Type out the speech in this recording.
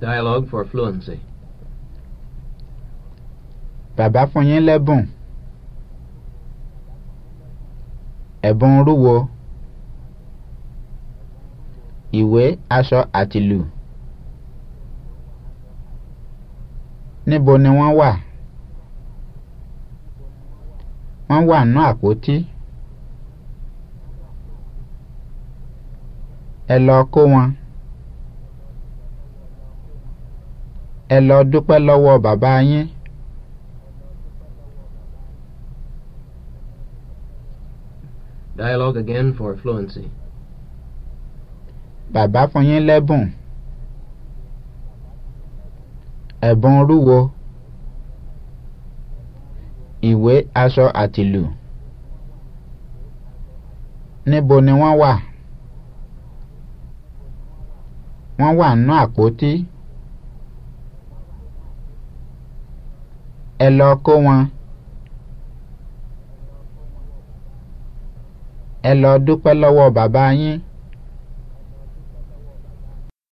Dialogue for fluency. Bàbá fún yín lẹ́bùn. Ẹ̀bùn rúwo. Ìwé, aṣọ àtìlù. Níbo ni wọ́n wà? Wọ́n wà nú àpótí. Ẹ lọ kó wọn. ẹ lọ dúpẹ́ lọ́wọ́ bàbá yín. Dialogue again for fluency. Bàbá fún yín lẹ́bùn. Ẹ̀bùn rúwo. Ìwé aṣọ àtìlù. Níbo ni wọ́n wà? Wọ́n wà nínú àpótí. No ẹ lọ kó wọn. ẹ lọ dúpẹ́ lọ́wọ́ bàbá yín.